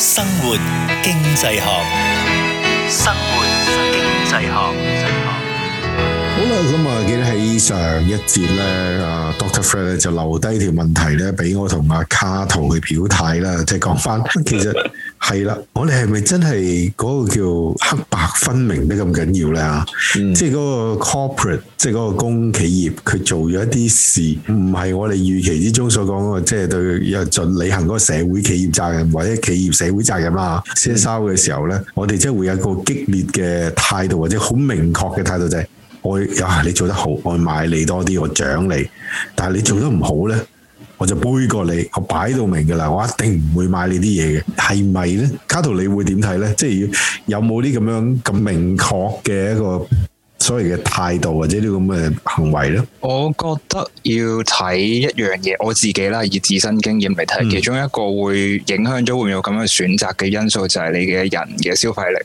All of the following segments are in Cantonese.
生活，生活經濟學，生活經濟學，好啦咁啊！我記得喺上一節咧，阿、 啊、Doctor Fred 咧就留低條問題咧，俾我同阿卡圖去表態啦，即係講返其實。 係啦，我哋係咪真係嗰個叫黑白分明都咁緊要呢？即係嗰個 corporate，即係嗰個公企業，佢做咗一啲事，唔係我哋預期之中所講嗰個，即、就、係、是、對又盡履行嗰個社會企業責任或者企業社會責任啦。CSR 嘅時候呢，嗯、我哋即係會有個激烈嘅態度或者好明確嘅態度、就是，就係我呀、啊、你做得好，我買你多啲，我獎你。但係你做得唔好呢？嗯我就杯葛你，我擺到明嘅啦，我一定唔會買你啲嘢嘅，係咪呢？卡圖，你會點睇呢？即係有冇啲咁樣咁明確嘅一個所謂嘅態度，或者啲咁嘅行為呢？我覺得要睇一樣嘢，我自己啦，以自身經驗嚟睇，嗯、其中一個會影響咗會唔會有咁樣選擇嘅因素，就係、是、你嘅人嘅消費力。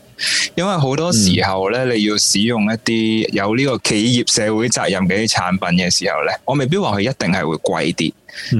因為好多時候呢，嗯、你要使用一啲有呢個企業社會責任嘅啲產品嘅時候呢，我未必話佢一定係會貴啲。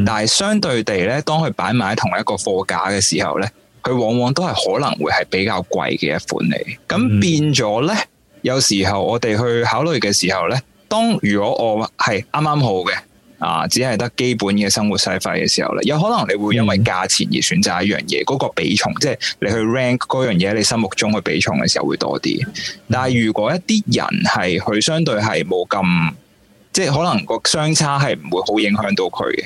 但係相對地咧，當佢擺埋喺同一個貨架嘅時候咧，佢往往都係可能會係比較貴嘅一款嚟。咁、嗯、變咗咧，有時候我哋去考慮嘅時候咧，當如果我係啱啱好嘅啊，只係得基本嘅生活使費嘅時候咧，有可能你會因為價錢而選擇一樣嘢，嗰、嗯、個比重即係、就是、你去 rank 嗰樣嘢你心目中嘅比重嘅時候會多啲。但係如果一啲人係佢相對係冇咁，即係可能個相差係唔會好影響到佢嘅。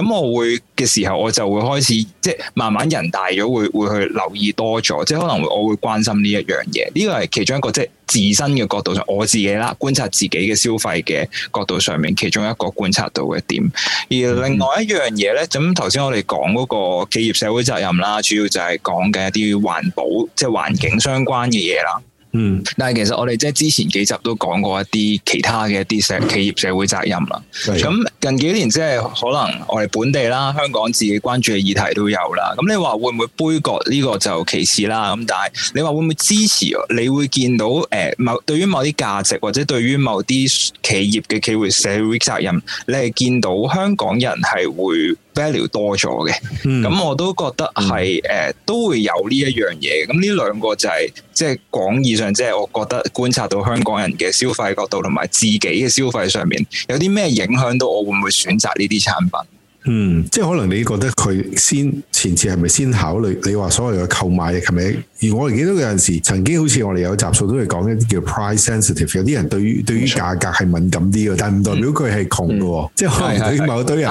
咁我會嘅時候，我就會開始，即係慢慢人大咗，會會去留意多咗，即係可能會我會關心呢一樣嘢。呢個係其中一個，即係自身嘅角度上，我自己啦，觀察自己嘅消費嘅角度上面，其中一個觀察到嘅點。而另外一樣嘢咧，咁頭先我哋講嗰個企業社會責任啦，主要就係講嘅一啲環保，即係環境相關嘅嘢啦。嗯，但係其實我哋即係之前幾集都講過一啲其他嘅一啲社企業社會責任啦。咁的近幾年即係可能我哋本地啦，香港自己關注嘅議題都有啦。咁你話會唔會杯葛呢，這個就其次啦。咁但係你話會唔會支持？你會見到誒，某，呃、對於某啲價值或者對於某啲企業嘅企業社會責任，你係見到香港人係會。value 多咗嘅，咁、嗯、我都覺得係誒、嗯呃、都會有呢一樣嘢。咁呢兩個就係即係廣義上，即係我覺得觀察到香港人嘅消費角度同埋自己嘅消費上面，有啲咩影響到我會唔會選擇呢啲產品？嗯，即係可能你覺得佢先。前次係咪先考慮，你話所謂嘅購買力係咪？而我哋記得有陣時曾經好似我哋有集數都係講一啲叫 price sensitive，有啲人對於對於價格係敏感啲嘅，但係唔代表佢係窮嘅，即係可能某堆人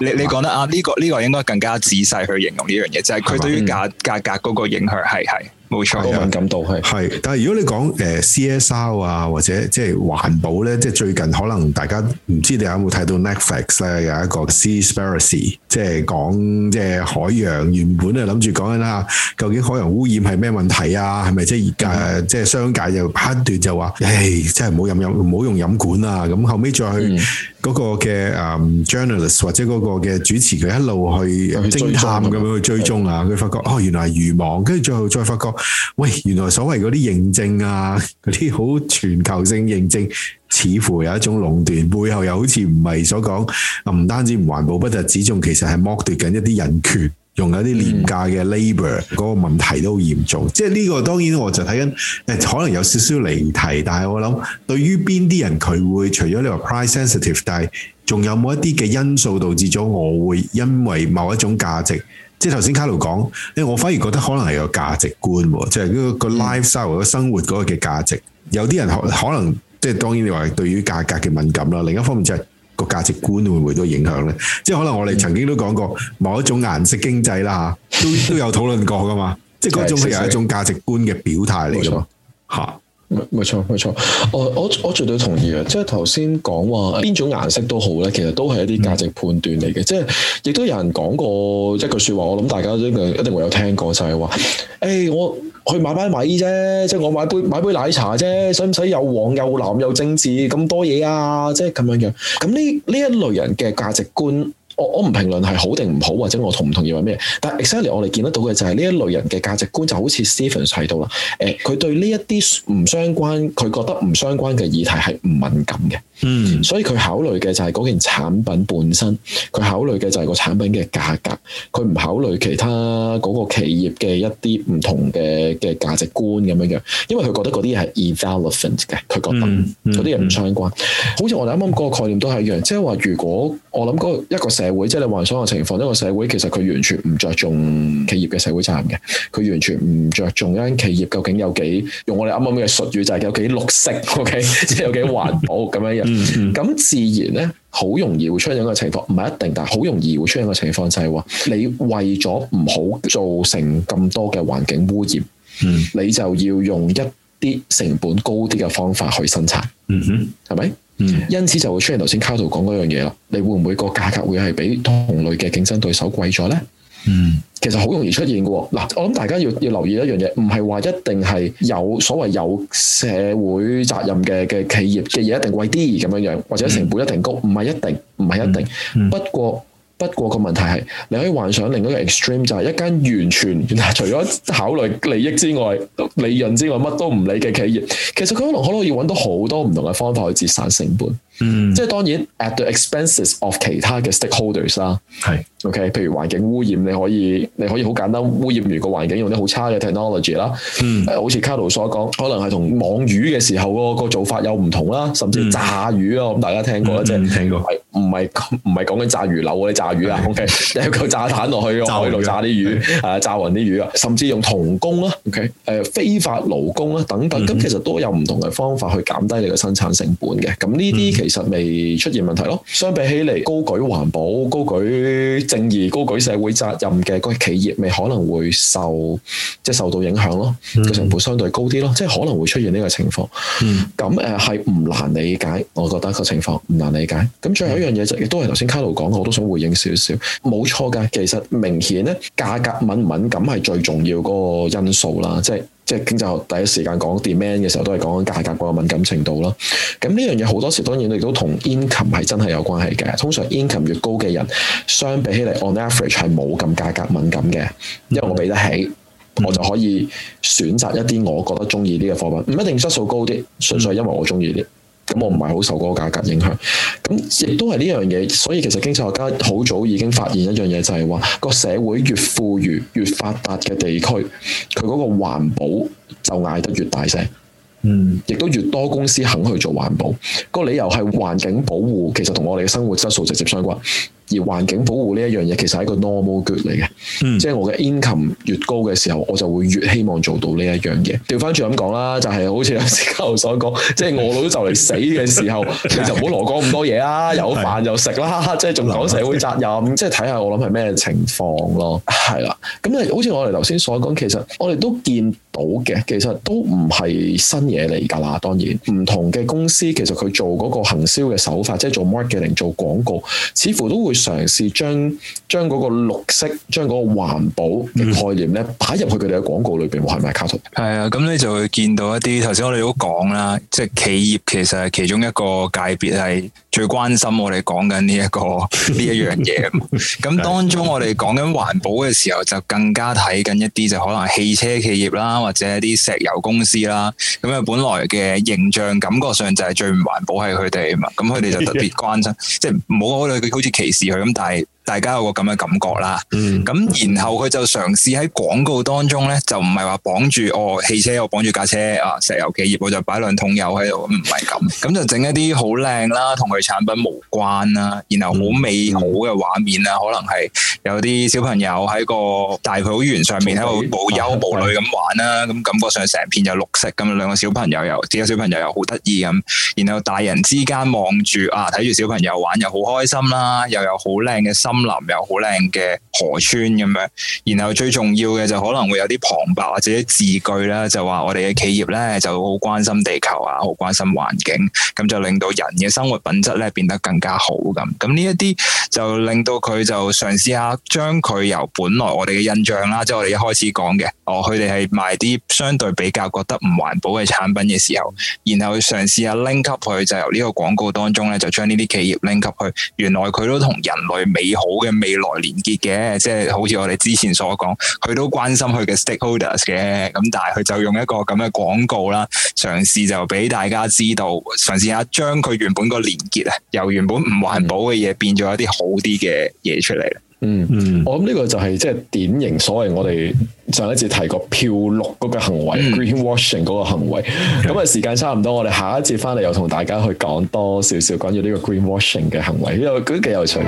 你你講得啱呢、這個呢、這個應該更加仔細去形容呢樣嘢，就係、是、佢對於價價格嗰個影響係係冇錯，敏感度係係，但係如果你講誒、呃、CSR 啊或者即係環保咧，即係最近可能大家唔知你有冇睇到 Netflix 咧有一個 Seaspiracy 即係講即係海。原本咧諗住講緊啦，究竟海洋污染係咩問題啊？係咪即係，誒、嗯啊，即係商界一就判斷就話，唉、哎，真係唔好飲飲，唔好用飲管啊！咁後尾再去。嗯嗰個嘅誒 journalist 或者嗰個嘅主持，佢一路去偵探咁樣去追蹤啊，佢發覺哦，原來係漁網，跟住最後再發覺，喂，原來所謂嗰啲認證啊，嗰啲好全球性認證，似乎有一種壟斷，背後又好似唔係所講唔單止唔環保不得止，不就只仲其實係剝奪緊一啲人權，用緊啲廉價嘅 labour 嗰個問題都好嚴重。即係呢個當然我就睇緊誒，可能有少少離題，但係我諗對於邊啲人佢會除咗你話 price sensitive。但係仲有冇一啲嘅因素導致咗我會因為某一種價值，即係頭先卡羅講，誒，我反而覺得可能係個價值觀，即係嗰個 lifestyle 嗰生活嗰個嘅價值。嗯、有啲人可可能即係當然你話對於價格嘅敏感啦，另一方面就係個價值觀會唔會都影響呢？即係可能我哋曾經都講過某一種顏色經濟啦、啊，都都有討論過噶嘛。 即係嗰種係一種價值觀嘅表態嚟噶。吓錯。啊冇錯，冇錯，我我我絕對同意嘅。即係頭先講話邊種顏色都好咧，其實都係一啲價值判斷嚟嘅。即係亦都有人講過一句説話，我諗大家都一定會有聽過，就係話：誒，我去買包米啫，即係我買杯買杯奶茶啫，使唔使又黃又藍又政治咁多嘢啊？即係咁樣樣。咁呢呢一類人嘅價值觀。我我唔評論係好定唔好或者我同唔同意話咩，但 exactly 我哋見得到嘅就係呢一類人嘅價值觀就好似 Stephen 提到啦，誒、哎、佢對呢一啲唔相關佢覺得唔相關嘅議題係唔敏感嘅，嗯，所以佢考慮嘅就係嗰件產品本身，佢考慮嘅就係個產品嘅價格，佢唔考慮其他嗰個企業嘅一啲唔同嘅嘅價值觀咁樣樣，因為佢覺得嗰啲係 irrelevant 嘅，佢覺得嗰啲嘢唔相關，好似我哋啱啱嗰個概念都係一樣，即係話如果我諗嗰一個。社會即係你幻想嘅情況，一個社會其實佢完全唔着重企業嘅社會責任嘅，佢完全唔着重一間企業究竟有幾用我哋啱啱嘅術語就係、是、有幾綠色，OK， 即係有幾環保咁樣樣。咁 自然咧，好容易會出現一個情況，唔係一定，但係好容易會出現咁嘅情況，就係、是、話你為咗唔好造成咁多嘅環境污染， 你就要用一。啲成本高啲嘅方法去生產，嗯哼，係咪？嗯，因此就會出現頭先卡圖講嗰樣嘢咯。你會唔會個價格會係比同類嘅競爭對手貴咗呢？嗯，其實好容易出現嘅喎。嗱，我諗大家要要留意一樣嘢，唔係話一定係有所謂有社會責任嘅嘅企業嘅嘢一定貴啲咁樣樣，或者成本一定高，唔係一定，唔係一定。不過。不過個問題係，你可以幻想另一個 extreme 就係一間完全除咗考慮利益之外、利潤之外，乜都唔理嘅企業。其實佢可能可以揾到好多唔同嘅方法去節省成本。嗯，即係當然，at the expenses of 其他嘅 stakeholders 啦，係，OK，譬如環境污染，你可以，你可以好簡單，污染源個環境用啲好差嘅 technology 啦，好似卡奴所講，可能係同網魚嘅時候個個做法有唔同啦，甚至炸魚啊，我諗大家聽過啦，即係，聽過，唔係唔係講緊炸魚柳啊，炸魚啊，OK，有個炸彈落去，喺度炸啲魚，炸暈啲魚啊，甚至用童工啦，OK，誒，非法勞工啦，等等，咁其實都有唔同嘅方法去減低你嘅生產成本嘅，咁呢啲。其實未出現問題咯，相比起嚟高舉環保、高舉正義、高舉社會責任嘅嗰啲企業，咪可能會受即係受到影響咯，個、嗯、成本相對高啲咯，即係可能會出現呢個情況。咁誒係唔難理解，我覺得個情況唔難理解。咁最後一樣嘢就亦都係頭先 Carlo 講，我都想回應少少，冇錯噶，其實明顯咧價格敏唔敏感係最重要嗰個因素啦，即係。即係經濟學第一時間講 demand 嘅時候，都係講緊價格嗰個敏感程度囉。咁呢樣嘢好多時，當然你都同 income 係真係有關係嘅。通常 income 越高嘅人，相比起嚟 on average 係冇咁價格敏感嘅，因為我俾得起，我就可以選擇一啲我覺得中意啲嘅貨品，唔一定質素高啲，純粹因為我中意啲。咁我唔係好受嗰個價格影響，咁亦都係呢樣嘢。所以其實經濟學家好早已經發現一樣嘢，就係話個社會越富裕、越發達嘅地區，佢嗰個環保就嗌得越大聲，嗯，亦都越多公司肯去做環保。個理由係環境保護其實同我哋嘅生活質素直接相關。而環境保護呢一樣嘢其實係一個 normal good 嚟嘅，嗯、即係我嘅 income 越高嘅時候，我就會越希望做到呢一樣嘢。調翻轉咁講啦，就係、是、好似阿石教授所講，即、就、係、是、我老咗就嚟死嘅時候， 其實唔好羅講咁多嘢啦，有飯就食啦， 即係仲講社會責任，即係睇下我諗係咩情況咯。係啦，咁咧好似我哋頭先所講，其實我哋都見到嘅其實都唔係新嘢嚟㗎啦，當然唔同嘅公司其實佢做嗰個行銷嘅手法，即係做 marketing 做廣告，似乎都會嘗試將將嗰個綠色、將嗰個環保嘅概念咧擺入去佢哋嘅廣告裏邊，係咪卡通？係啊，咁你就會見到一啲頭先我哋都講啦，即係企業其實係其中一個界別係最關心我哋講緊呢一個呢一樣嘢。咁 當中我哋講緊環保嘅時候，就更加睇緊一啲就可能係汽車企業啦。或者一啲石油公司啦，咁佢本來嘅形象感覺上就係最唔環保係佢哋嘛，咁佢哋就特別關心， 即係唔好我佢好似歧視佢咁，但係。大家有個咁嘅感覺啦，咁、嗯、然後佢就嘗試喺廣告當中咧，就唔係話綁住哦汽車，我綁住架車啊，石油企業我就擺兩桶油喺度，唔係咁，咁、嗯、就整一啲好靚啦，同佢產品無關啦，然後好美好嘅畫面啦，嗯、可能係有啲小朋友喺個大草原上面喺度無憂無慮咁玩啦，咁感覺上成片就綠色咁，兩個小朋友又只有小朋友又好得意咁，然後大人之間望住啊睇住小朋友玩又好開心啦，又有好靚嘅心。森林又好靚嘅河川咁樣，然後最重要嘅就可能會有啲旁白或者字句啦，就話我哋嘅企業咧就好關心地球啊，好關心環境，咁就令到人嘅生活品質咧變得更加好咁。咁呢一啲就令到佢就嘗試下將佢由本來我哋嘅印象啦，即係我哋一開始講嘅，哦，佢哋係賣啲相對比較覺得唔環保嘅產品嘅時候，然後嘗試下 link up 佢，就由呢個廣告當中咧就將呢啲企業 link up 佢原來佢都同人類美好好嘅未來連結嘅，即係好似我哋之前所講，佢都關心佢嘅 stakeholders 嘅，咁但係佢就用一個咁嘅廣告啦，嘗試就俾大家知道，嘗試下將佢原本個連結啊，由原本唔環保嘅嘢變咗一啲好啲嘅嘢出嚟。嗯嗯，嗯，我諗呢個就係即係典型所謂我哋上一次提過漂綠嗰個行為，greenwashing 嗰個行為。咁啊、嗯，時間差唔多，的我哋下一節翻嚟又同大家去講多少少關於呢個 greenwashing 嘅行為，呢個都幾有趣。